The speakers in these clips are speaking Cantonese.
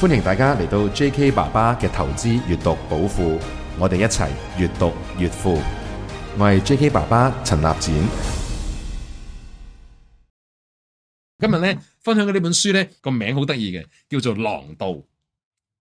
歡迎大家嚟到 J.K. 爸爸嘅投資閱讀寶庫，我哋一齊越讀越富。我係 J.K. 爸爸陳立展。今日咧分享嘅呢本書咧個名好得意嘅，叫做《狼道》。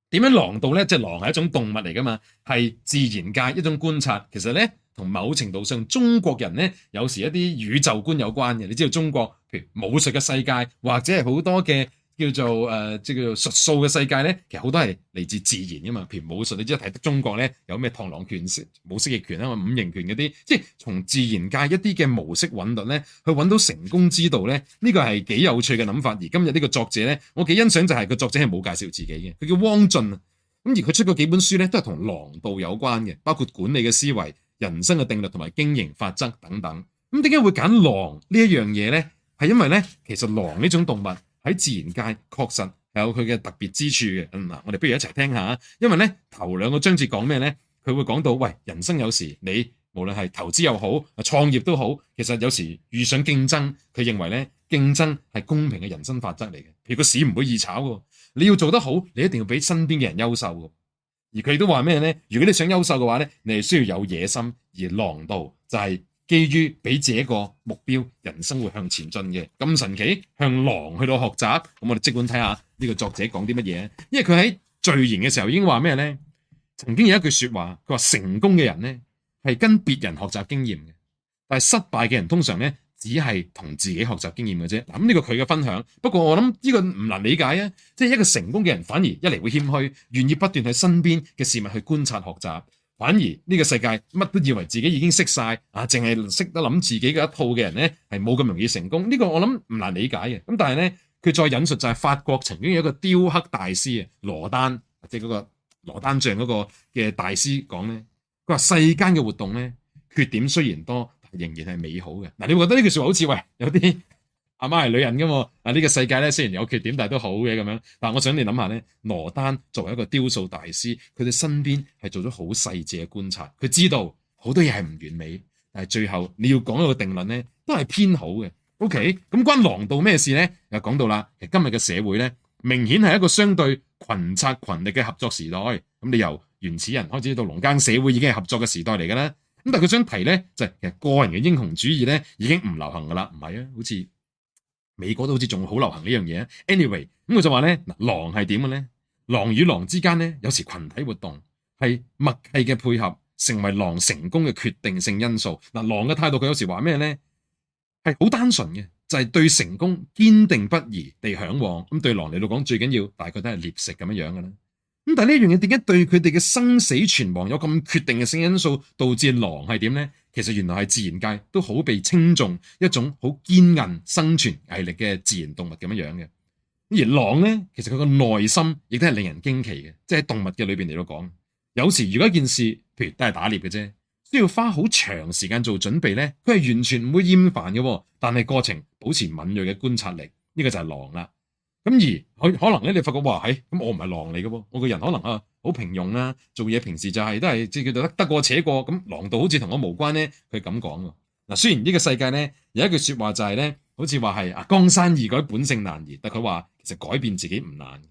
點樣狼道咧？即係狼係一種動物嚟噶嘛，係自然界一種觀察。其實咧，同某程度上中國人咧有時一啲宇宙觀有關嘅。你知道中國譬如武術嘅世界，或者係好多嘅。叫做誒，即、呃、叫做術數嘅世界咧。其實好多係嚟自自然噶嘛，譬如武術，你只要睇得中國咧，有咩螳螂拳、武式嘅拳啦，五形拳嗰啲，即係從自然界一啲嘅模式韻律咧，去揾到成功之道咧。呢個係幾有趣嘅諗法。而今日呢個作者咧，我幾欣賞就係個作者係冇介紹自己嘅，佢叫汪進啊。咁而佢出過幾本書咧，都係同狼道有關嘅，包括管理嘅思維、人生嘅定律同埋經營法則等等。咁點解會揀狼呢一樣嘢咧？係因為咧，其實狼呢種動物，喺自然界，確實有佢嘅特別之處嘅。嗱、嗯，我哋不如一齊聽下，因為咧頭兩個章節講咩咧？佢會講到，喂，人生有時你無論係投資又好、創業都好，其實有時遇上競爭，佢認為咧競爭係公平嘅人生法則嚟嘅。譬如個市唔會易炒喎，你要做得好，你一定要比身邊嘅人優秀。而佢亦都話咩咧？如果你想優秀嘅話咧，你係需要有野心而狼道就係。基於俾自己一個目標，人生會向前進嘅，咁神奇，向狼去到學習。咁我哋即管睇下呢個作者講啲乜嘢。因為佢喺序言嘅時候已經話咩呢？曾經有一句説話，佢話成功嘅人呢係跟別人學習經驗嘅，但係失敗嘅人通常呢只係同自己學習經驗嘅啫。嗱，咁呢個佢嘅分享。不過我諗呢個唔難理解啊，即係一個成功嘅人反而一嚟會謙虛，願意不斷喺身邊嘅事物去觀察學習。反而呢個世界乜都以為自己已經識晒，啊，淨係識得諗自己嘅一套嘅人咧，係冇咁容易成功。呢個我諗唔難理解嘅。咁但係咧，佢再引述就係法國曾經有一個雕刻大師啊，羅丹，即係嗰個羅丹像嗰個嘅大師講咧，佢話世間嘅活動咧，缺點雖然多，但仍然係美好嘅。嗱、啊，你會覺得呢句説話好似喂有啲？阿媽係女人噶嘛？啊、這、呢個世界咧，雖然有缺點，但係都好嘅咁樣。但係我想你諗下咧，羅丹作為一個雕塑大師，佢哋身邊係做咗好細緻嘅觀察。佢知道好多嘢係唔完美，但係最後你要講一個定論咧，都係偏好嘅。O K，咁關狼道咩事咧？又講到啦，今日嘅社會咧，明顯係一個相對群策群力嘅合作時代。咁你由原始人開始到農耕社會，已經係合作嘅時代嚟噶啦。咁但係佢想提咧，就係、是、個人嘅英雄主義咧，已經唔流行噶啦，唔係啊，好似。美國都好似仲好流行 anyway, 呢樣嘢，anyway，咁我就話咧，嗱狼係點嘅咧？狼與狼,狼之間咧，有時群體活動係默契嘅配合，成為狼成功嘅決定性因素。嗱，狼嘅態度佢有時話咩咧？係好單純嘅，就係、是、對成功堅定不移地向往。咁對狼嚟到講最緊要，大概都係獵食咁樣樣嘅啦。咁但係呢樣嘢點解對佢哋嘅生死存亡有咁決定性因素？導致狼係點咧？其實原來係自然界都好被稱重一種好堅韌生存毅力嘅自然動物咁樣樣嘅，而狼咧其實佢個內心亦都係令人驚奇嘅，即係喺動物嘅裏邊嚟到講，有時如果一件事，譬如都係打獵嘅啫，需要花好長時間做準備咧，佢係完全唔會厭煩嘅，但係過程保持敏銳嘅觀察力，呢個就係狼啦。.咁而佢可能咧，你發覺哇，咁、哎、我唔係狼嚟嘅喎，我個人可能啊好平庸啦，做嘢平時就係、是、都係即叫做得得過且過，咁狼道好似同我無關咧，佢咁講。嗱，雖然呢個世界咧有一句說話就係、是、咧，好似話係啊江山易改，本性難移，但佢話其實改變自己唔難。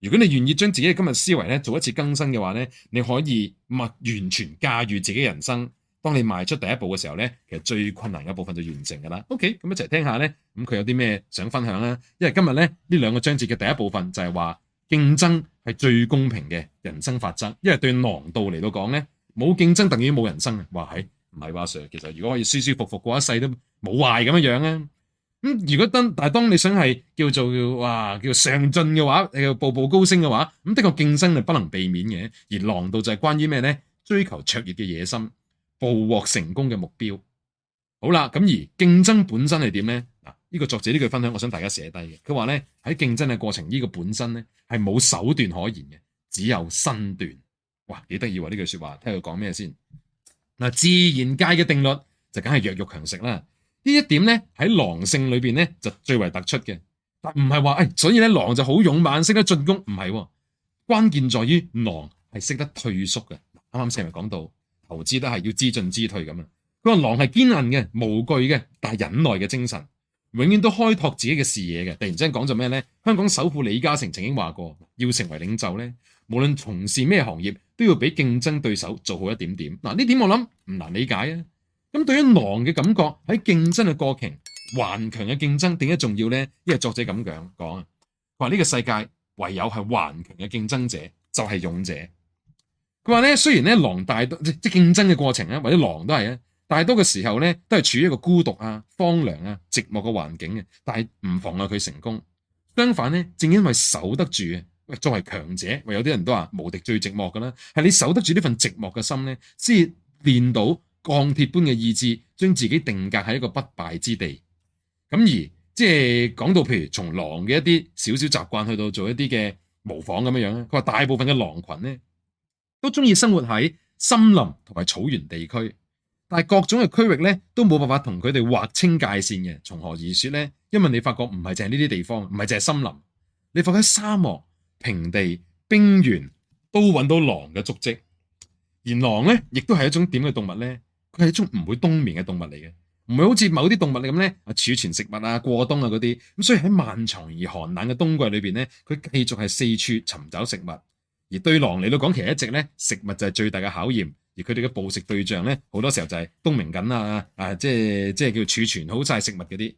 如果你願意將自己嘅今日思維咧做一次更新嘅話咧，你可以勿完全駕馭自己人生。當你邁出第一步嘅時候咧，其實最困難嘅部分就完成㗎啦。OK，咁一齊聽下咧，咁佢有啲咩想分享咧、啊？因為今日咧呢兩個章節嘅第一部分就係話競爭係最公平嘅人生法則，因為對狼道嚟到講咧，冇競爭等於冇人生啊。話係唔係話 Sir？其實如果可以舒舒服服，服過一世都冇壞咁樣樣、啊、咧，咁、嗯、如果當但係當你想係叫做哇叫做上進嘅話，又步步高升嘅話，咁的確競爭係不能避免嘅。而狼道就係關於咩咧？追求卓越嘅野心。捕獲成功嘅目標，好啦，咁而競爭本身係點咧？啊，呢個作者呢句分享，我想大家寫低嘅。佢話咧喺競爭嘅過程，呢個本身咧係冇手段可言嘅，只有身段。哇，幾得意喎！呢句說話，聽佢講咩先？嗱，自然界嘅定律就梗係弱肉強食啦。呢一點咧喺狼性裏邊咧就最為突出嘅。但唔係話，誒，所以咧狼就好勇猛，識得進攻，唔係、啊、關鍵在於狼係識得退縮嘅。啱啱先咪講到。投資都係要知進知退咁啊！佢話狼係堅韌嘅、無懼嘅，但係忍耐嘅精神，永遠都開拓自己嘅視野嘅。突然之間講咗咩咧？香港首富李嘉誠曾經話過，要成為領袖咧，無論從事咩行業，都要比競爭對手做好一點點。嗱、啊，呢點我諗唔難理解啊！咁對於狼嘅感覺喺競爭嘅過程，頑強嘅競爭點解重要咧？因為作者咁講講啊，佢話呢、呢個世界唯有係頑強嘅競爭者就係、是、勇者。佢話咧，雖然咧狼大多即係競爭嘅過程咧，或者狼都係啊，大多嘅時候咧都係處於一個孤獨啊、荒涼啊、寂寞嘅環境嘅，但係唔妨礙、啊、佢成功。相反咧，正因為守得住，喂，作為強者，或有啲人都話無敵最寂寞噶啦，係你守得住呢份寂寞嘅心咧，先練到鋼鐵般嘅意志，將自己定格喺一個不敗之地。咁而即係講到譬如從狼嘅一啲少少習慣去到做一啲嘅模仿咁樣樣，佢話大部分嘅狼群咧。都中意生活喺森林同埋草原地區，但係各種嘅區域咧都冇辦法同佢哋劃清界線嘅。從何而說咧？因為你發覺唔係淨係呢啲地方，唔係淨係森林。你發覺喺沙漠、平地、冰原都揾到狼嘅足跡。而狼咧，亦都係一種點嘅動物咧？佢係一種唔會冬眠嘅動物嚟嘅，唔會好似某啲動物咁咧，儲存食物啊、過冬啊嗰啲。咁所以喺漫長而寒冷嘅冬季裏邊咧，佢繼續係四處尋找食物。而對狼嚟到講，其實一直咧食物就係最大嘅考驗，而佢哋嘅捕食對象咧好多時候就係冬眠緊啊啊，即係即係叫儲存好晒食物嗰啲。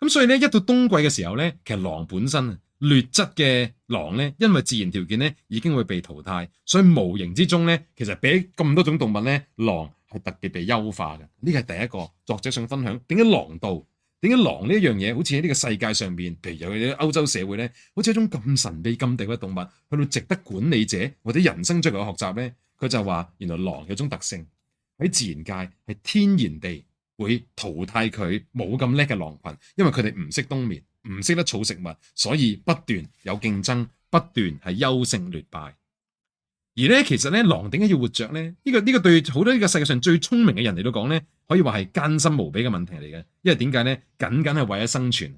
咁所以咧一到冬季嘅時候咧，其實狼本身劣質嘅狼咧，因為自然條件咧已經會被淘汰，所以無形之中咧，其實俾咁多種動物咧，狼係特別被優化嘅。呢個係第一個作者想分享。點解狼道？點解狼呢一樣嘢好似喺呢個世界上面，譬如有啲歐洲社會呢，好似一種咁神秘咁特別嘅動物，去到值得管理者或者人生追求嘅學習呢？佢就話：原來狼有種特性喺自然界係天然地會淘汰佢冇咁叻嘅狼群，因為佢哋唔識冬眠，唔識得儲食物，所以不斷有競爭，不斷係優勝劣敗。而咧，其實咧，狼點解要活着咧？呢個呢個對好多呢個世界上最聰明嘅人嚟到講咧，可以話係艱辛無比嘅問題嚟嘅。因為點解咧？僅僅係為咗生存。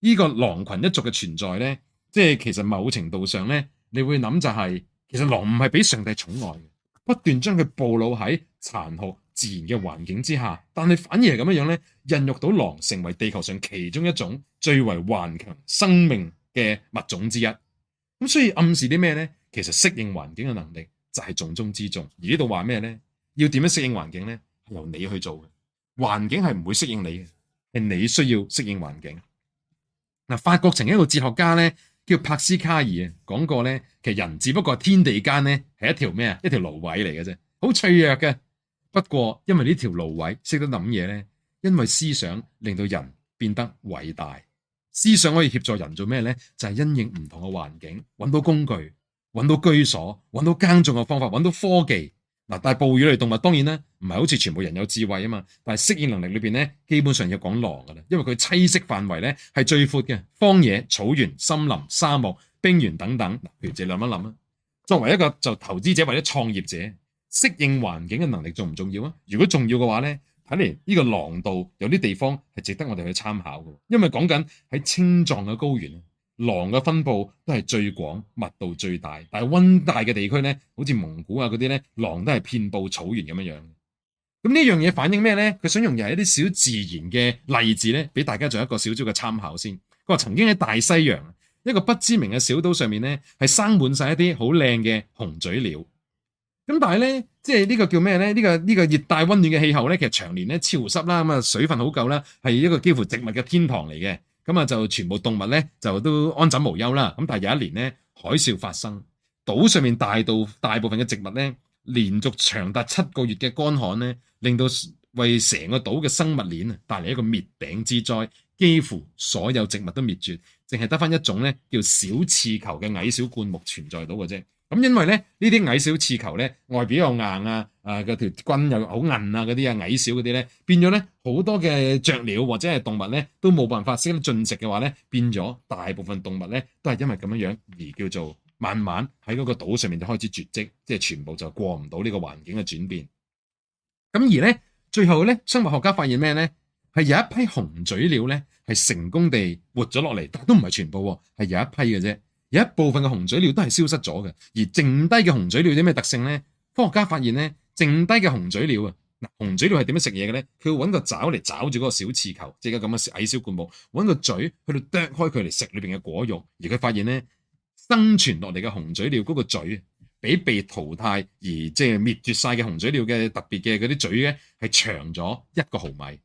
呢個狼群一族嘅存在咧，即係其實某程度上咧，你會諗就係，其實狼唔係俾上帝寵愛嘅，不斷將佢暴露喺殘酷自然嘅環境之下，但係反而係咁樣樣咧，孕育到狼成為地球上其中一種最為頑強生命嘅物種之一。咁所以暗示啲咩咧？其實適應環境嘅能力就係重中之重。而呢度話咩呢？要點樣適應環境咧？由你去做嘅環境係唔會適應你嘅，係你需要適應環境。法國曾經有一個哲學家咧叫帕斯卡爾啊，講過其實人只不過是天地間咧係一條咩啊？一條蘆葦嚟嘅啫，好脆弱嘅。不過因為這條位呢條蘆葦識得諗嘢咧，因為思想令到人變得偉大。思想可以協助人做咩呢？就係、是、因應唔同嘅環境，搵到工具。揾到居所，揾到耕種嘅方法，揾到科技。嗱，但係哺乳類動物當然咧，唔係好似全部人有智慧啊嘛。但係適應能力裏邊咧，基本上要講狼噶啦，因為佢棲息範圍咧係最闊嘅，荒野、草原、森林、沙漠、冰原等等。譬如自己諗一諗啦。作為一個就投資者或者創業者，適應環境嘅能力重唔重要啊？如果重要嘅話咧，睇嚟呢個狼道有啲地方係值得我哋去參考嘅，因為講緊喺青藏嘅高原。狼嘅分布都係最廣、密度最大，但係溫帶嘅地區咧，好似蒙古啊嗰啲咧，狼都係遍佈草原咁樣樣。咁呢樣嘢反映咩咧？佢想用又係一啲小自然嘅例子咧，俾大家做一個小小嘅參考先。佢話曾經喺大西洋一個不知名嘅小島上面咧，係生滿晒一啲好靚嘅紅嘴鳥。咁但係咧，即係呢個叫咩咧？呢個呢個熱帶溫暖嘅氣候咧，其實長年咧潮濕啦，咁啊水分好夠啦，係一個幾乎植物嘅天堂嚟嘅。咁啊，就全部動物呢就都安枕無憂啦。但係有一年呢，海嘯發生，島上面大到大部分嘅植物呢，連續長達七個月嘅乾旱呢，令到為成個島嘅生物鏈啊，帶嚟一個滅頂之災，幾乎所有植物都滅絕，淨係得返一種呢叫小刺球嘅矮小灌木存在到嘅啫。咁因為咧，呢啲矮小刺球咧，外表又硬啊，啊個條棍又好韌啊，嗰啲啊矮小嗰啲咧，變咗咧好多嘅雀鳥或者係動物咧，都冇辦法適應進食嘅話咧，變咗大部分動物咧，都係因為咁樣樣而叫做慢慢喺嗰個島上面就開始絕跡，即係全部就過唔到呢個環境嘅轉變。咁而咧，最後咧，生物學家發現咩咧？係有一批紅嘴鳥咧，係成功地活咗落嚟，但都唔係全部，係有一批嘅啫。有一部分嘅紅嘴鳥都係消失咗嘅，而剩低嘅紅嘴鳥有咩特性呢？科學家發現呢，剩低嘅紅嘴鳥啊，紅嘴鳥係點樣食嘢嘅呢？佢會揾個爪嚟，爪住嗰個小刺球，即係咁嘅矮小灌木，揾個嘴去到啄開佢嚟食裏面嘅果肉。而佢發現呢，生存落嚟嘅紅嘴鳥嗰個嘴，比被淘汰而即係滅絕晒嘅紅嘴鳥嘅特別嘅嗰啲嘴呢，係長咗一個毫米，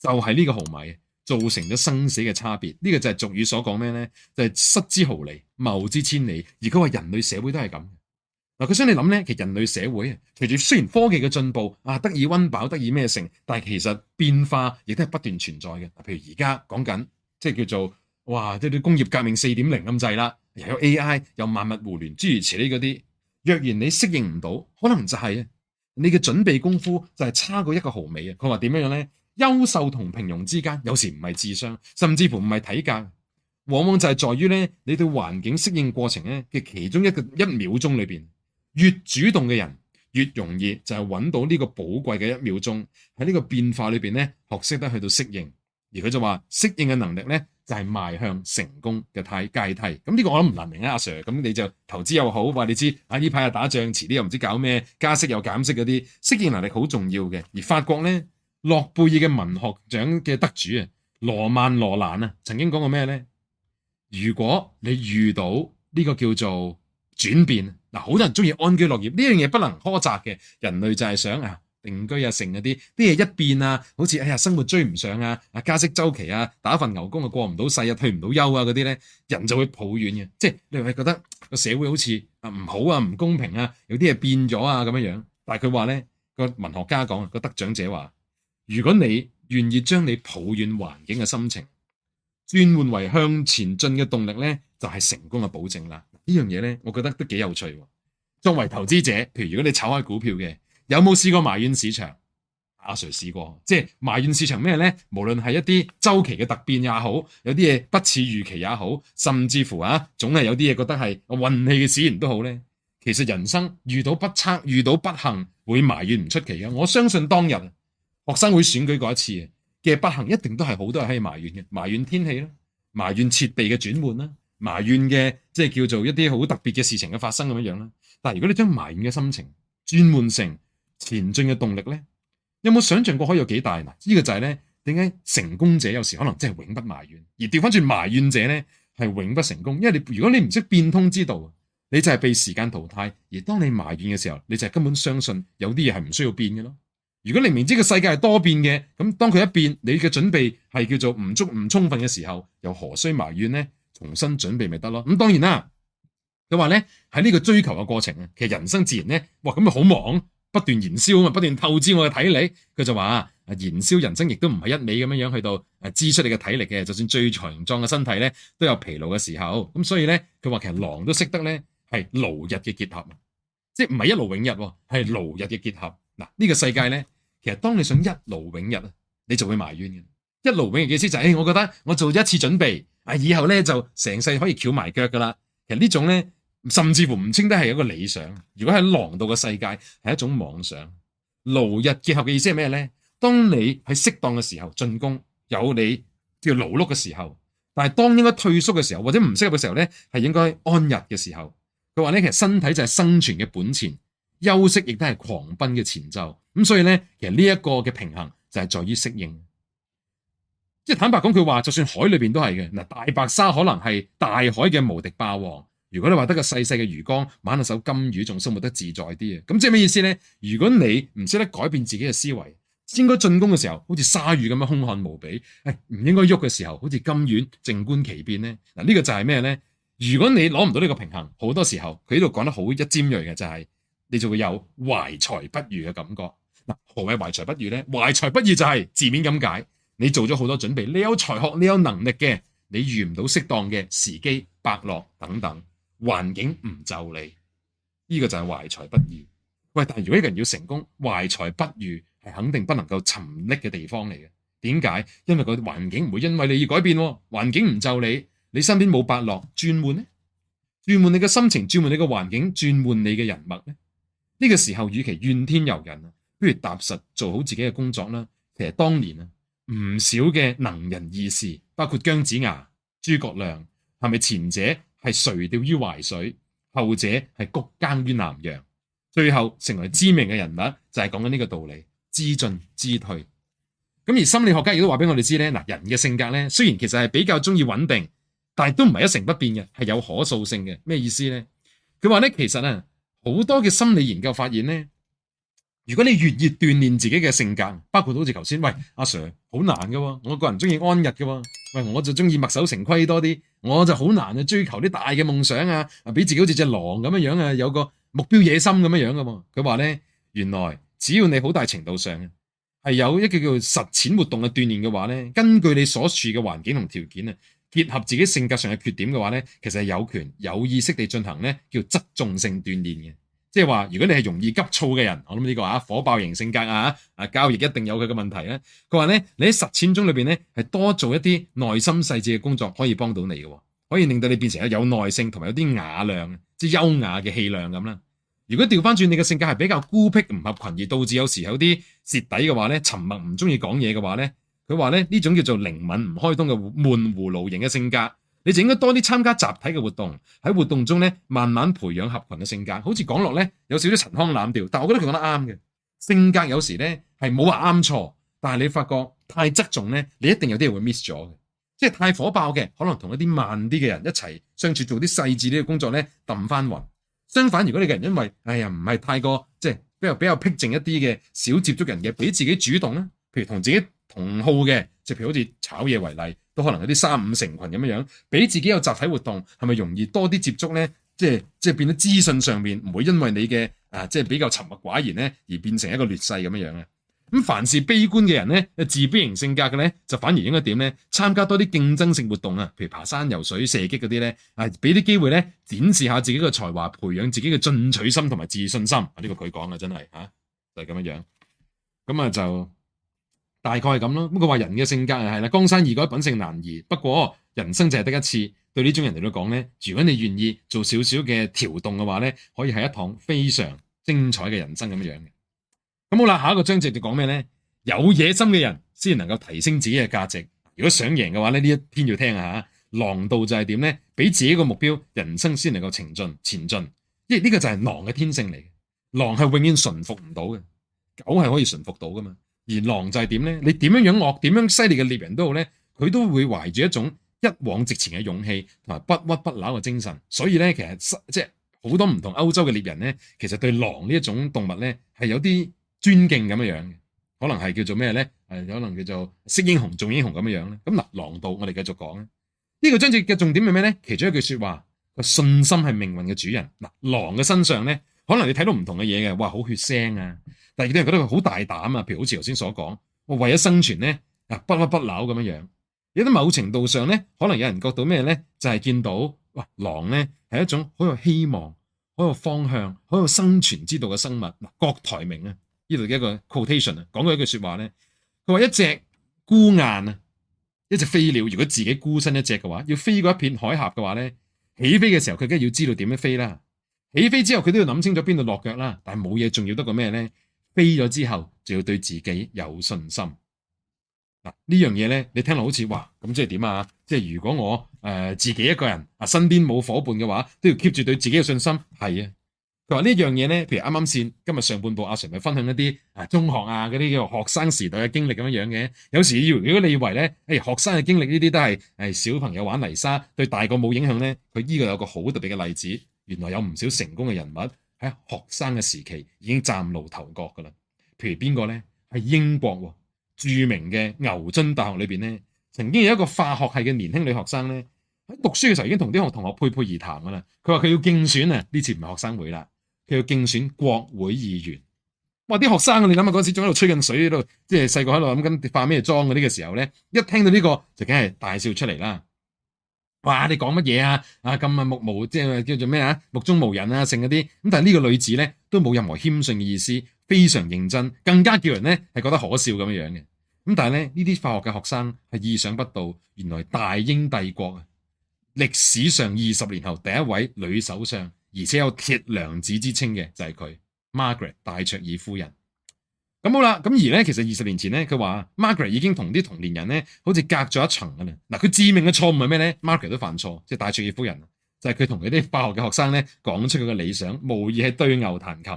就係呢個毫米。造成咗生死嘅差別，呢個就係俗語所講咩咧？就係失之毫厘，謬之千里。而佢話人類社會都係咁。嗱，佢想你諗咧，其實人類社會啊，隨住雖然科技嘅進步啊，得以溫飽，得以咩成，但係其實變化亦都係不斷存在嘅。譬如而家講緊，即係叫做哇，啲啲工業革命四點零咁滯啦，又有 A I，有萬物互聯，諸如此類嗰啲。若然你適應唔到，可能就係啊，你嘅準備功夫就係差過一個毫米啊。佢話點樣咧？優秀同平庸之間，有時唔係智商，甚至乎唔係體格，往往就係在於咧，你對環境適應過程咧嘅其中一個一秒鐘裏邊，越主動嘅人越容易就係揾到呢個寶貴嘅一秒鐘，喺呢個變化裏邊咧學識得去到適應，而佢就話適應嘅能力咧就係、是、邁向成功嘅太階，階梯。咁、這、呢個我諗唔難明啊，阿 Sir。咁你就投資又好，話你知，啊呢排又打仗，遲啲又唔知搞咩，加息又減息嗰啲，適應能力好重要嘅。而法國咧。諾貝爾嘅文學獎嘅得主啊，羅曼羅蘭曾經講過咩呢？如果你遇到呢個叫做轉變，好多人中意安居樂業呢樣嘢，不能苛責嘅。人類就係想啊，定居啊，成嗰啲啲嘢一變啊，好似、哎、生活追唔上啊，啊加息周期啊，打份牛工不不啊，過唔到世啊，退唔到休啊嗰啲咧，人就會抱怨嘅，你會覺得個社會好似啊唔好啊，唔公平啊，有啲嘢變咗啊咁樣，但係佢話咧，個文學家講，個得獎者話。如果你願意將你抱怨環境嘅心情轉換為向前進嘅動力咧，就係成功嘅保證啦。呢樣嘢咧，我覺得都幾有趣。作為投資者，譬如如果你炒開股票嘅，有冇試過埋怨市場？阿 Sir 試過，即係埋怨市場咩咧？無論係一啲周期嘅突變也好，有啲嘢不似預期也好，甚至乎啊，總係有啲嘢覺得係運氣嘅使然都好咧。其實人生遇到不測、遇到不幸，會埋怨唔出奇嘅。我相信當日。學生會選舉嗰一次嘅不幸，一定都係好多人喺度埋怨嘅，埋怨天氣啦，埋怨設備嘅轉換啦，埋怨嘅即係叫做一啲好特別嘅事情嘅發生咁樣樣啦。但係如果你將埋怨嘅心情轉換成前進嘅動力咧，有冇想象過可以有幾大嗱？呢個就係咧，點解成功者有時可能真係永不埋怨，而調翻轉埋怨者咧係永不成功，因為你如果你唔識變通之道，你就係被時間淘汰。而當你埋怨嘅時候，你就係根本相信有啲嘢係唔需要變嘅咯。如果你明知個世界係多變嘅，咁當佢一變，你嘅準備係叫做唔足唔充分嘅時候，又何須埋怨呢？重新準備咪得咯。咁當然啦，佢話咧喺呢個追求嘅過程啊，其實人生自然咧，哇咁咪好忙，不斷燃燒啊嘛，不斷透支我嘅體力。佢就話啊，燃燒人生亦都唔係一味咁樣樣去到誒，支出你嘅體力嘅，就算最強壯嘅身體咧，都有疲勞嘅時候。咁所以咧，佢話其實狼都識得咧，係勞日嘅結合，即係唔係一勞永逸，係勞日嘅結合。嗱，呢個世界咧，其實當你想一勞永逸啊，你就會埋怨嘅。一勞永逸嘅意思就係、是，誒、哎，我覺得我做一次準備，啊，以後咧就成世可以翹埋腳噶啦。其實種呢種咧，甚至乎唔清得係一個理想。如果喺狼道嘅世界，係一種妄想。勞日嘅意思係咩咧？當你喺適當嘅時候進攻，有你叫勞碌嘅時候；但係當應該退縮嘅時候，或者唔適合嘅時候咧，係應該安逸嘅時候。佢話咧，其實身體就係生存嘅本錢。休息亦都係狂奔嘅前奏，咁所以咧，其實呢一個嘅平衡就係在於適應。即係坦白講，佢話就算海裏邊都係嘅嗱，大白鯊可能係大海嘅無敵霸王。如果你話得個細細嘅魚缸玩下手金魚，仲生活得自在啲啊！咁即係咩意思咧？如果你唔識得改變自己嘅思維，應該進攻嘅時候好似鯊魚咁樣兇悍無比，誒唔應該喐嘅時候好似金魚靜觀其變咧。嗱、這、呢個就係咩咧？如果你攞唔到呢個平衡，好多時候佢呢度講得好一尖鋭嘅就係、是。你就會有懷才不遇嘅感覺。嗱，何謂懷才不遇呢？懷才不遇就係字面咁解，你做咗好多準備，你有才學，你有能力嘅，你遇唔到適當嘅時機、伯樂等等，環境唔就你，呢、呢個就係懷才不遇。喂，但係如果一個人要成功，懷才不遇係肯定不能夠沉溺嘅地方嚟嘅。點解？因為個環境唔會因為你而改變，環境唔就你，你身邊冇伯樂，轉換呢？轉換你嘅心情，轉換你嘅環境，轉換你嘅人脈咧。呢個時候，與其怨天尤人，不如踏實做好自己嘅工作啦。其實當年啊，唔少嘅能人異士，包括姜子牙、諸葛亮，係咪前者係垂釣於淮水，後者係躬耕於南陽，最後成為知名嘅人物，就係、是、講緊呢個道理，知進知退。咁而心理學家亦都話俾我哋知咧，嗱，人嘅性格咧，雖然其實係比較中意穩定，但係都唔係一成不變嘅，係有可塑性嘅。咩意思咧？佢話咧，其實咧。好多嘅心理研究發現咧，如果你越易鍛煉自己嘅性格，包括好似頭先，喂阿、啊、Sir 好難嘅，我個人中意安逸嘅，喂我就中意墨守成規多啲，我就好難去追求啲大嘅夢想啊，俾自己好似隻狼咁樣樣啊，有個目標野心咁樣樣噶。佢話咧，原來只要你好大程度上係有一個叫實踐活動嘅鍛煉嘅話咧，根據你所處嘅環境同條件咧。結合自己性格上嘅缺點嘅話呢，其實係有權有意識地進行呢，叫側重性鍛煉嘅，即係話如果你係容易急躁嘅人，我諗呢個啊火爆型性格啊啊交易一定有佢嘅問題咧，啊。佢話咧，你喺實踐中裏邊咧係多做一啲耐心細緻嘅工作，可以幫到你嘅，可以令到你變成有耐性同埋有啲雅量，即係優雅嘅氣量咁啦。如果調翻轉你嘅性格係比較孤僻唔合群而導致有時有啲蝕底嘅話咧，沉默唔中意講嘢嘅話咧。佢話咧，呢種叫做靈敏唔開通嘅悶葫蘆型嘅性格，你就應該多啲參加集體嘅活動，喺活動中咧慢慢培養合群嘅性格。好似講落咧有少少陳腔濫調，但係我覺得佢講得啱嘅。性格有時咧係冇話啱錯，但係你發覺太側重咧，你一定有啲嘢會 miss 咗嘅。即係太火爆嘅，可能同一啲慢啲嘅人一齊相處做啲細緻啲嘅工作咧，揼翻暈。相反，如果你嘅人因為哎呀唔係太過即係、就是、比較比較僻靜一啲嘅，少接觸人嘅，俾自己主動啦，譬如同自己。同好嘅，即係譬如好似炒嘢為例，都可能有啲三五成群咁樣樣，俾自己有集體活動，係咪容易多啲接觸咧？即係即係變得資訊上面唔會因為你嘅啊，即係比較沉默寡言咧，而變成一個劣勢咁樣樣嘅。咁凡事悲觀嘅人咧，自卑型性格嘅咧，就反而應該點咧？參加多啲競爭性活動啊，譬如爬山、游水、射擊嗰啲咧，啊，俾啲機會咧，展示下自己嘅才華，培養自己嘅進取心同埋自信心。呢、啊呢個佢講嘅真係嚇、啊，就係咁樣樣。咁啊就。大概係咁咯，不過話人嘅性格係啦，江山易改，品性難移。不過人生就係得一次，對呢種人嚟講咧，如果你願意做少少嘅調動嘅話咧，可以係一趟非常精彩嘅人生咁樣樣嘅。咁好啦，下一個章節就講咩咧？有野心嘅人先能夠提升自己嘅價值。如果想贏嘅話咧，呢一篇要聽下。狼道就係點咧？俾自己個目標，人生先能夠前進前進。因為呢個就係狼嘅天性嚟嘅，狼係永遠馴服唔到嘅，狗係可以馴服到噶嘛。而狼就係點咧？你點樣樣惡、點樣犀利嘅獵人都好咧，佢都會懷住一種一往直前嘅勇氣同埋不屈不撓嘅精神。所以咧，其實即係好多唔同歐洲嘅獵人咧，其實對狼呢一種動物咧，係有啲尊敬咁樣樣。可能係叫做咩咧？誒，可能叫做識英雄、重英雄咁樣樣咧。咁嗱，狼道我哋繼續講咧。呢個章節嘅重點係咩咧？其中一句說話，個信心係命運嘅主人。嗱，狼嘅身上咧，可能你睇到唔同嘅嘢嘅，哇，好血腥啊！但係，有啲人覺得佢好大膽啊！譬如好似頭先所講，我為咗生存咧，啊不屈不撓咁樣樣。有啲某程度上咧，可能有人覺到咩咧，就係、是、見到哇狼咧係一種好有希望、好有方向、好有生存之道嘅生物。嗱、呃，郭台銘啊，呢度嘅一個 quotation 啊，講過一句説話咧，佢話一隻孤雁啊，一隻飛鳥，如果自己孤身一隻嘅話，要飛過一片海峽嘅話咧，起飛嘅時候佢梗係要知道點樣飛啦。起飛之後佢都要諗清楚邊度落腳啦。但係冇嘢，仲要得過咩咧？飛咗之後，就要對自己有信心。嗱、啊、呢樣嘢咧，你聽落好似話咁，即係點啊？即係如果我誒、呃、自己一個人啊，身邊冇伙伴嘅話，都要 keep 住對自己嘅信心。係啊，佢話呢樣嘢咧，譬如啱啱先今日上半部阿 Sir 咪分享一啲啊中學啊嗰啲叫學生時代嘅經歷咁樣樣嘅。有時如如果你以為咧，誒、欸、學生嘅經歷呢啲都係誒小朋友玩泥沙，對大個冇影響咧，佢依個有個好特別嘅例子，原來有唔少成功嘅人物。喺學生嘅時期已經嶄露頭角噶啦，譬如邊個咧？係英國著名嘅牛津大學裏邊咧，曾經有一個化學系嘅年輕女學生咧，喺讀書嘅時候已經同啲學同學侃侃而談噶啦。佢話佢要競選啊，呢次唔係學生會啦，佢要競選國會議員。哇！啲學生你諗下嗰陣時仲喺度吹緊水喺度，即係細個喺度諗緊化咩妝嗰啲嘅時候咧，一聽到呢個就梗係大笑出嚟啦。哇！你講乜嘢啊？啊咁啊目無即係叫做咩啊？目中無人啊，剩嗰啲咁。但係呢個女子咧都冇任何謙遜嘅意思，非常認真，更加叫人咧係覺得可笑咁樣樣嘅。咁但係咧呢啲化學嘅學生係意想不到，原來大英帝國啊歷史上二十年後第一位女首相，而且有鐵娘子之稱嘅就係佢 Margaret 戴卓爾夫人。咁、嗯、好啦，咁而咧，其實二十年前呢，佢話 Margaret 已經同啲同年人呢好似隔咗一層啊！嗱，佢致命嘅錯誤係咩呢？Margaret 都犯錯，即係戴卓爾夫人，就係佢同嗰啲化學嘅學生呢講出佢嘅理想，無疑係對牛彈琴。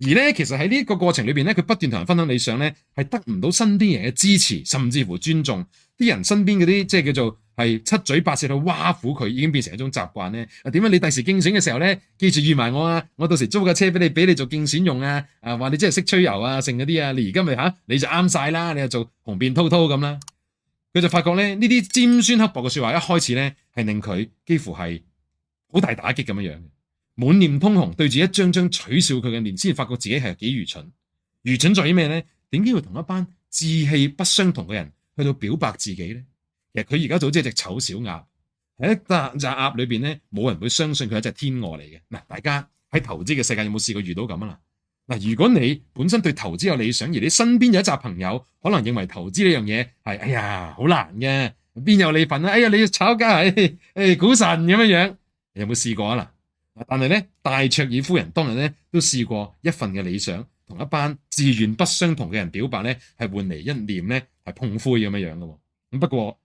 而咧，其實喺呢個過程裏邊咧，佢不斷同人分享理想咧，係得唔到身邊人嘅支持，甚至乎尊重啲人身邊嗰啲即係叫做係七嘴八舌去挖苦佢，已經變成一種習慣咧。啊，點樣你第時競選嘅時候咧，記住預埋我啊，我到時租架車俾你，俾你做競選用啊。啊，話你即係識吹油啊，剩嗰啲啊，你而家咪吓，你就啱晒啦，你又做紅面滔滔咁啦。佢就發覺咧，呢啲尖酸刻薄嘅說話一開始咧，係令佢幾乎係好大打擊咁樣樣滿面通紅，對住一張張取笑佢嘅面，先發覺自己係幾愚蠢。愚蠢在於咩咧？點解要同一班志氣不相同嘅人去到表白自己咧？其實佢而家早知係隻醜小鴨喺一紮鴨裏邊咧，冇人會相信佢係一隻天鵝嚟嘅。嗱，大家喺投資嘅世界有冇試過遇到咁啊？嗱，如果你本身對投資有理想，而你身邊有一紮朋友可能認為投資呢樣嘢係，哎呀好難嘅，邊有你份啊？哎呀你要炒家，哎哎，哎股神咁樣樣，有冇試過啊？嗱。但係咧，戴卓爾夫人當日咧，都試過一份嘅理想，同一班志願不相同嘅人表白咧，係換嚟一念咧，係碰灰咁樣樣嘅。咁不過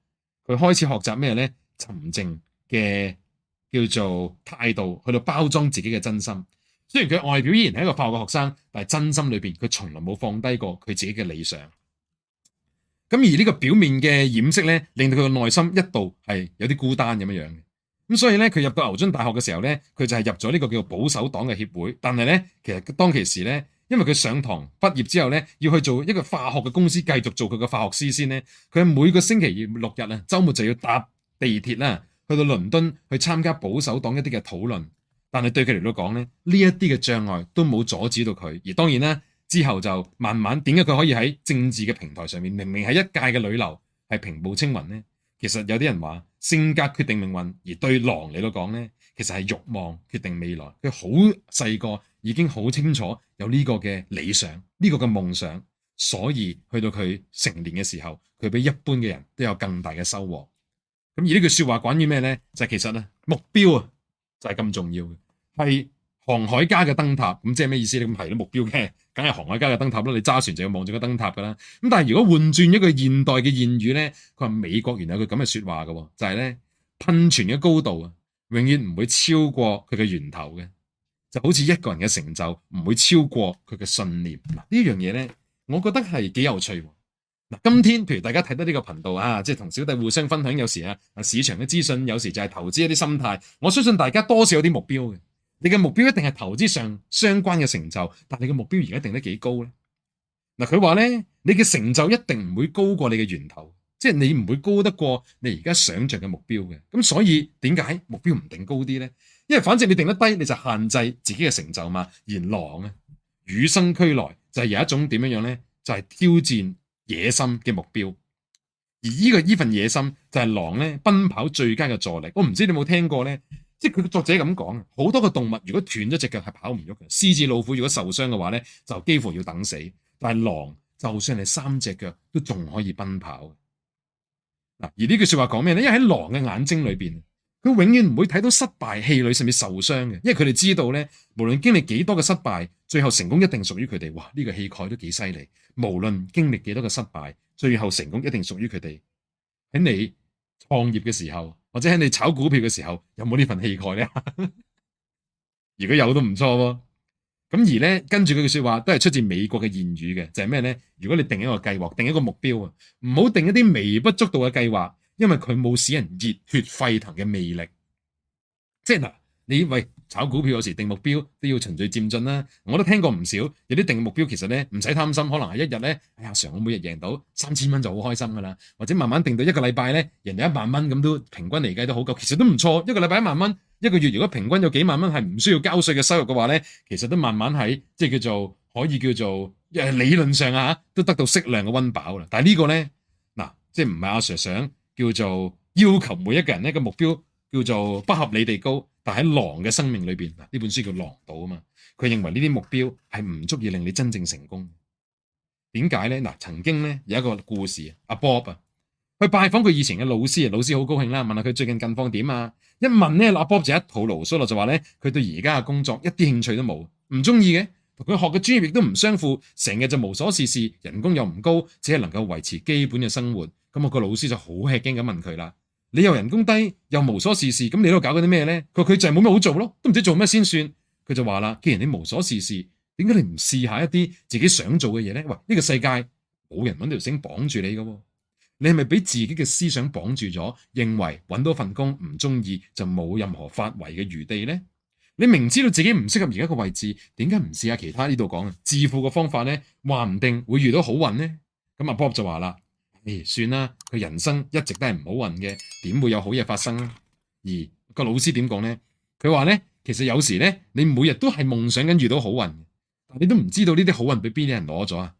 佢開始學習咩咧？沉靜嘅叫做態度，去到包裝自己嘅真心。雖然佢外表依然係一個化學嘅學生，但係真心裏邊佢從來冇放低過佢自己嘅理想。咁而呢個表面嘅掩飾咧，令到佢嘅內心一度係有啲孤單咁樣樣嘅。咁所以咧，佢入到牛津大學嘅時候咧，佢就係入咗呢個叫做保守黨嘅協會。但係咧，其實當其時咧，因為佢上堂畢業之後咧，要去做一個化學嘅公司，繼續做佢嘅化學師先咧，佢每個星期六日啊，週末就要搭地鐵啦，去到倫敦去參加保守黨一啲嘅討論。但係對佢嚟到講咧，呢一啲嘅障礙都冇阻止到佢。而當然啦，之後就慢慢點解佢可以喺政治嘅平台上面，明明係一介嘅女流，係平步青雲咧？其實有啲人話。性格決定命運，而對狼嚟到講咧，其實係慾望決定未來。佢好細個已經好清楚有呢個嘅理想，呢個嘅夢想，所以去到佢成年嘅時候，佢比一般嘅人都有更大嘅收穫。咁而呢句說話關於咩咧？就係其實咧目標啊就係咁重要嘅，係。航海家嘅燈塔，咁即係咩意思？你咁係啲目標嘅，梗係航海家嘅燈塔啦。你揸船就要望住個燈塔噶啦。咁但係如果換轉一個現代嘅諺語咧，佢話美國原來有句咁嘅説話嘅，就係咧噴泉嘅高度啊，永遠唔會超過佢嘅源頭嘅，就好似一個人嘅成就唔會超過佢嘅信念。 樣呢樣嘢咧，我覺得係幾有趣。嗱，今天譬如大家睇到呢個頻道啊，即係同小弟互相分享，有時啊市場嘅資訊，有時就係投資一啲心態。我相信大家多少有啲目標嘅。你嘅目標一定係投資上相關嘅成就，但你嘅目標而家定得幾高咧？嗱，佢話咧，你嘅成就一定唔會高過你嘅源頭，即係你唔會高得過你而家想象嘅目標嘅。咁所以點解目標唔定高啲咧？因為反正你定得低，你就限制自己嘅成就嘛。而狼咧，與生俱來就係有一種點樣樣咧，就係挑戰野心嘅目標。而呢個呢份野心就係狼咧奔跑最佳嘅助力。我唔知你有冇聽過咧？即係佢嘅作者咁講，好多嘅動物如果斷咗隻腳係跑唔喐嘅，獅子、老虎如果受傷嘅話咧，就幾乎要等死。但係狼就算係三隻腳都仲可以奔跑。嗱，而句呢句說話講咩咧？因為喺狼嘅眼睛裏邊，佢永遠唔會睇到失敗、氣餒，甚至受傷嘅。因為佢哋知道咧，無論經歷幾多嘅失敗，最後成功一定屬於佢哋。哇，呢、這個氣概都幾犀利。無論經歷幾多嘅失敗，最後成功一定屬於佢哋。喺你創業嘅時候。或者喺你炒股票嘅時候，有冇呢份氣概咧？ 如果有都唔錯喎。咁而咧跟住佢嘅說話都係出自美國嘅諺語嘅，就係咩咧？如果你定一個計劃，定一個目標啊，唔好定一啲微不足道嘅計劃，因為佢冇使人熱血沸騰嘅魅力。即係嗱，你以為。炒股票有時定目標都要循序漸進啦。我都聽過唔少，有啲定目標其實咧唔使貪心，可能係一日咧，阿 Sir 我每日贏到三千蚊就好開心噶啦。或者慢慢定到一個禮拜咧，人哋一萬蚊咁都平均嚟計都好夠，其實都唔錯。一個禮拜一萬蚊，一個月如果平均有幾萬蚊係唔需要交稅嘅收入嘅話咧，其實都慢慢喺即係叫做可以叫做誒理論上啊都得到適量嘅溫飽啦。但係呢個咧嗱即係唔係阿 Sir 想叫做要求每一個人呢個目標叫做不合理地高。但喺狼嘅生命裏邊，嗱呢本書叫《狼道》啊嘛，佢認為呢啲目標係唔足以令你真正成功。點解咧？嗱，曾經咧有一個故事，阿 Bob 啊，去拜訪佢以前嘅老師，老師好高興啦，問下佢最近近況點啊。一問咧，阿 Bob 就一吐牢騷咯，就話咧佢對而家嘅工作一啲興趣都冇，唔中意嘅，同佢學嘅專業亦都唔相符，成日就無所事事，人工又唔高，只係能夠維持基本嘅生活。咁啊，個老師就好吃驚咁問佢啦。你又人工低，又無所事事，咁你喺度搞緊啲咩咧？佢，佢就係冇咩好做咯，都唔知做咩先算。佢就話啦，既然你無所事事，點解你唔試下一啲自己想做嘅嘢咧？喂，呢、這個世界冇人搵條繩綁住你噶你係咪俾自己嘅思想綁住咗？認為搵到份工唔中意就冇任何發圍嘅餘地咧？你明知道自己唔適合而家個位置，點解唔試下其他呢度講啊？致富嘅方法咧，話唔定會遇到好運咧。咁阿、啊、Bob 就話啦。哎、算啦，佢人生一直都係唔好運嘅，點會有好嘢發生咧？而、嗰個老師點講咧？佢話咧，其實有時咧，你每日都係夢想緊遇到好運，但你都唔知道呢啲好運俾邊啲人攞咗啊？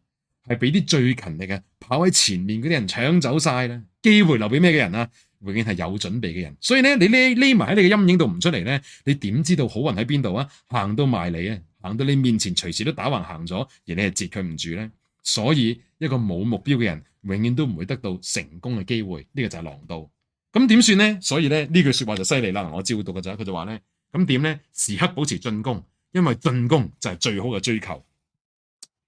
係俾啲最勤力嘅跑喺前面嗰啲人搶走晒，啦，機會留俾咩嘅人啊？永遠係有準備嘅人。所以咧，你匿匿埋喺你嘅陰影度唔出嚟，咧，你點知道好運喺邊度啊？行到埋嚟啊，行到你面前，隨時都打橫行咗，而你係截佢唔住咧。所以一個冇目標嘅人。永遠都唔會得到成功嘅機會，呢、這個就係狼道。咁點算呢？所以咧，呢句說話就犀利啦。我照讀嘅啫，佢就話咧咁點咧？時刻保持進攻，因為進攻就係最好嘅追求。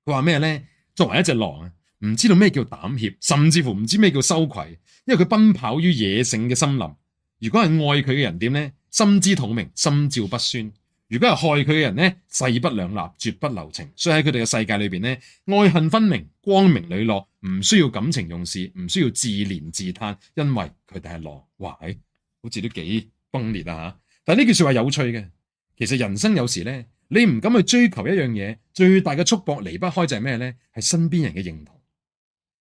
佢話咩咧？作為一隻狼啊，唔知道咩叫膽怯，甚至乎唔知咩叫羞愧，因為佢奔跑於野性嘅森林。如果係愛佢嘅人點咧，心知肚明，心照不宣；如果係害佢嘅人咧，勢不兩立，絕不留情。所以喺佢哋嘅世界裏邊咧，愛恨分明，光明磊落。唔需要感情用事，唔需要自憐自嘆，因為佢哋係狼。哇，好似都幾崩裂啊吓！但係呢句說話有趣嘅，其實人生有時咧，你唔敢去追求一樣嘢，最大嘅束縛離不開就係咩咧？係身邊人嘅認同。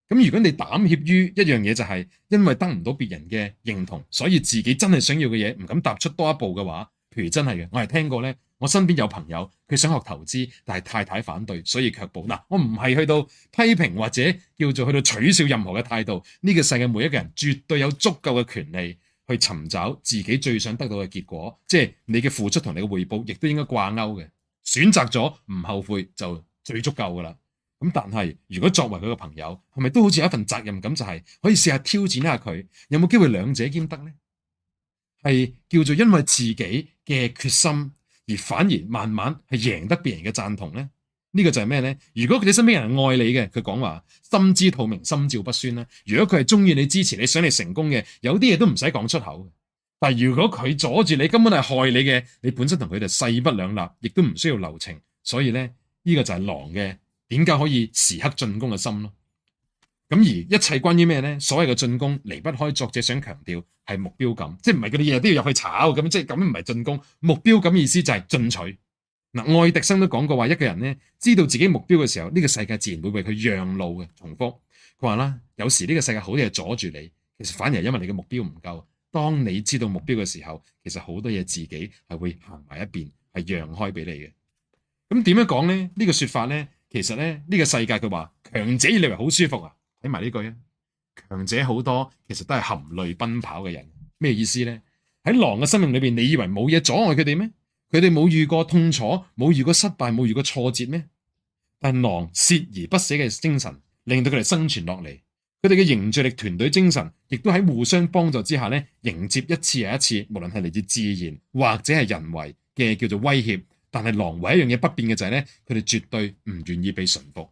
咁如果你膽怯於一樣嘢，就係因為得唔到別人嘅認同，所以自己真係想要嘅嘢唔敢踏出多一步嘅話，譬如真係嘅，我係聽過咧。我身邊有朋友，佢想學投資，但係太太反對，所以卻步。嗱，我唔係去到批評或者叫做去到取笑任何嘅態度。呢個世界每一個人絕對有足夠嘅權利去尋找自己最想得到嘅結果。即係你嘅付出同你嘅回報，亦都應該掛鈎嘅。選擇咗唔後悔就最足夠噶啦。咁但係如果作為佢嘅朋友，係咪都好似有一份責任咁，就係可以試下挑戰一下佢，有冇機會兩者兼得呢？係叫做因為自己嘅決心。而反而慢慢係贏得別人嘅贊同咧，呢個就係咩咧？如果佢哋身邊人愛你嘅，佢講話心知肚明、心照不宣咧；如果佢係中意你、支持你、想你成功嘅，有啲嘢都唔使講出口。但係如果佢阻住你，根本係害你嘅，你本身同佢哋勢不兩立，亦都唔需要留情。所以咧，呢個就係狼嘅點解可以時刻進攻嘅心咯。咁而一切關於咩咧？所謂嘅進攻離不開作者想強調係目標感，即係唔係佢哋日日都要入去炒咁，即係咁唔係進攻目標感意思就係進取。嗱、呃，愛迪生都講過話，一個人咧知道自己目標嘅時候，呢、這個世界自然會為佢讓路嘅。重複，佢話啦，有時呢個世界好多嘢阻住你，其實反而係因為你嘅目標唔夠。當你知道目標嘅時候，其實好多嘢自己係會行埋一邊，係讓開俾你嘅。咁點樣講咧？呢、這個說法咧，其實咧呢、這個世界佢話強者以為好舒服啊。睇埋呢句啊，強者好多，其實都係含淚奔跑嘅人。咩意思咧？喺狼嘅生命裏邊，你以為冇嘢阻礙佢哋咩？佢哋冇遇過痛楚，冇遇過失敗，冇遇過挫折咩？但係狼鍥而不舍嘅精神，令到佢哋生存落嚟。佢哋嘅凝聚力、團隊精神，亦都喺互相幫助之下咧，迎接一次又一次，無論係嚟自自然或者係人為嘅叫做威脅。但係狼唯一樣嘢不變嘅就係、是、咧，佢哋絕對唔願意被馴服。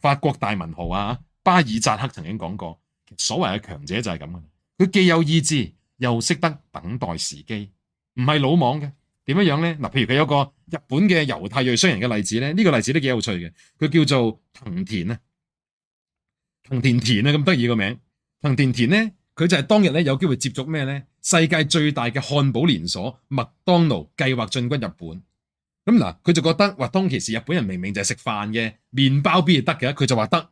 法國大文豪啊～巴爾扎克曾經講過，所謂嘅強者就係咁嘅，佢既有意志，又識得等待時機，唔係魯莽嘅。點樣樣咧？嗱，譬如佢有個日本嘅猶太裔商人嘅例子咧，呢個例子都幾有趣嘅。佢叫做藤田啊，藤田田啊，咁得意個名。藤田田咧，佢就係當日咧有機會接觸咩咧？世界最大嘅漢堡連鎖麥當勞計劃進軍日本。咁嗱，佢就覺得，話當其時日本人明明就係食飯嘅，麵包必得嘅，佢就話得。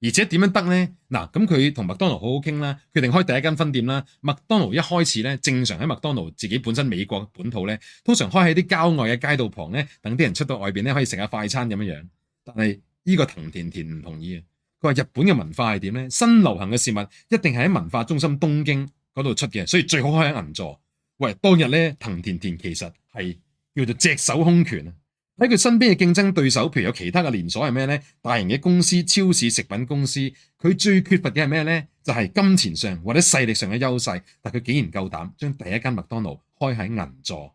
而且點樣得呢？嗱，啊，咁佢同麥當勞好好傾啦，決定開第一間分店啦。麥當勞一開始呢，正常喺麥當勞自己本身美國本土呢，通常開喺啲郊外嘅街道旁咧，等啲人出到外邊咧，可以食下快餐咁樣。但係呢、這個藤田田唔同意啊，佢話日本嘅文化係點咧？新流行嘅事物一定係喺文化中心東京嗰度出嘅，所以最好開喺銀座。喂，當日呢，藤田田其實係叫做隻手空拳。喺佢身邊嘅競爭對手，譬如有其他嘅連鎖係咩呢？大型嘅公司、超市、食品公司，佢最缺乏嘅係咩呢？就係金錢上或者勢力上嘅優勢，但佢竟然夠膽將第一間麥當勞開喺銀座。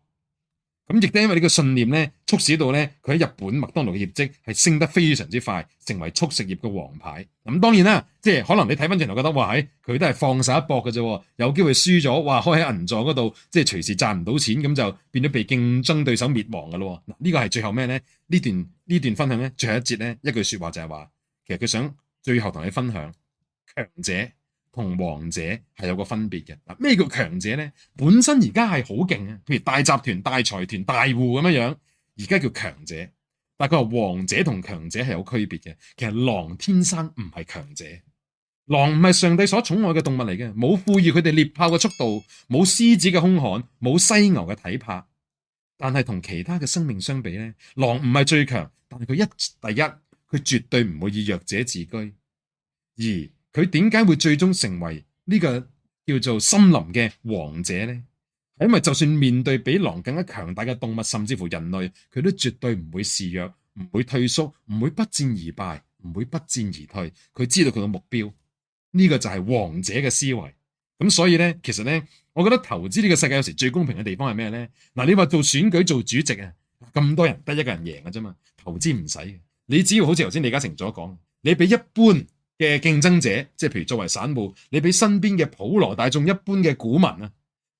咁亦都因為呢個信念咧，促使到咧佢喺日本麥當勞嘅業績係升得非常之快，成為速食業嘅王牌。咁當然啦，即係可能你睇翻轉頭覺得，哇，係佢都係放手一搏嘅啫，有機會輸咗，哇，開喺銀座嗰度，即係隨時賺唔到錢，咁就變咗被競爭對手滅亡嘅咯。嗱，呢個係最後咩咧？呢段呢段分享咧，最後一節咧，一句說話就係話，其實佢想最後同你分享，強者。同王者係有個分別嘅。嗱，咩叫強者咧？本身而家係好勁啊，譬如大集團、大財團、大戶咁樣樣，而家叫強者。但係佢話王者同強者係有區別嘅。其實狼天生唔係強者，狼唔係上帝所寵愛嘅動物嚟嘅，冇賦予佢哋獵豹嘅速度，冇獅子嘅兇悍，冇犀牛嘅體魄。但係同其他嘅生命相比咧，狼唔係最強，但係佢一第一，佢絕對唔會以弱者自居。二佢點解會最終成為呢個叫做森林嘅王者呢？因為就算面對比狼更加強大嘅動物，甚至乎人類，佢都絕對唔會示弱，唔會退縮，唔會不戰而敗，唔會不戰而退。佢知道佢嘅目標，呢個就係王者嘅思維。咁所以呢，其實呢，我覺得投資呢個世界有時最公平嘅地方係咩呢？嗱，你話做選舉做主席啊，咁多人得一個人贏嘅啫嘛。投資唔使，你只要好似頭先李嘉誠所講，你比一般。嘅競爭者，即係譬如作為散戶，你比身邊嘅普羅大眾一般嘅股民啊，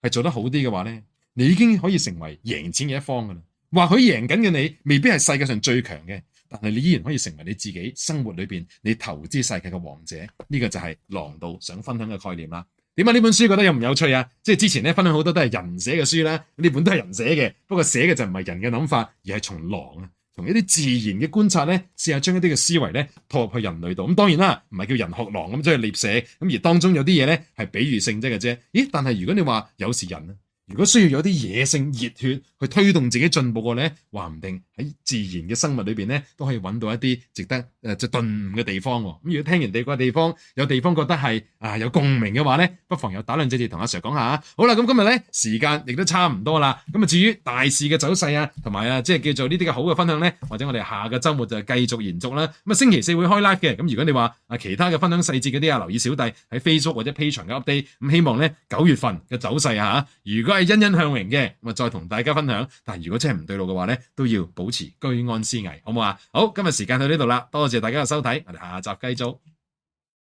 係做得好啲嘅話咧，你已經可以成為贏錢嘅一方噶啦。或許贏緊嘅你未必係世界上最強嘅，但係你依然可以成為你自己生活裏邊你投資世界嘅王者。呢個就係狼道想分享嘅概念啦。點解呢本書覺得有唔有趣啊？即係之前咧分享好多都係人寫嘅書啦，呢本都係人寫嘅，不過寫嘅就唔係人嘅諗法，而係從狼啊。同一啲自然嘅觀察呢，試下將一啲嘅思維呢，套入去人類度。咁當然啦，唔係叫人學狼咁即係獵蛇。咁、就是、而當中有啲嘢呢係比喻性質嘅啫。咦？但係如果你話有時人呢？如果需要有啲野性熱血去推動自己進步嘅咧，話唔定喺自然嘅生物裏邊咧，都可以揾到一啲值得誒即係頓悟嘅地方喎。咁如果聽人哋個地方有地方覺得係啊有共鳴嘅話咧，不妨有打兩隻字同阿 Sir 講下、啊。好啦，咁、嗯、今日咧時間亦都差唔多啦。咁啊至於大市嘅走勢啊，同埋啊即係、就是、叫做呢啲嘅好嘅分享咧，或者我哋下個周末就繼續延續啦。咁啊星期四會開 live 嘅。咁如果你話啊其他嘅分享細節嗰啲啊，留意小弟喺 Facebook 或者 Patreon 嘅 update。咁希望咧九月份嘅走勢啊，如果係欣欣向榮嘅，咁啊再同大家分享。但係如果真係唔對路嘅話咧，都要保持居安思危，好唔好啊？好，今日時間到呢度啦，多謝大家嘅收睇，我哋下集繼續。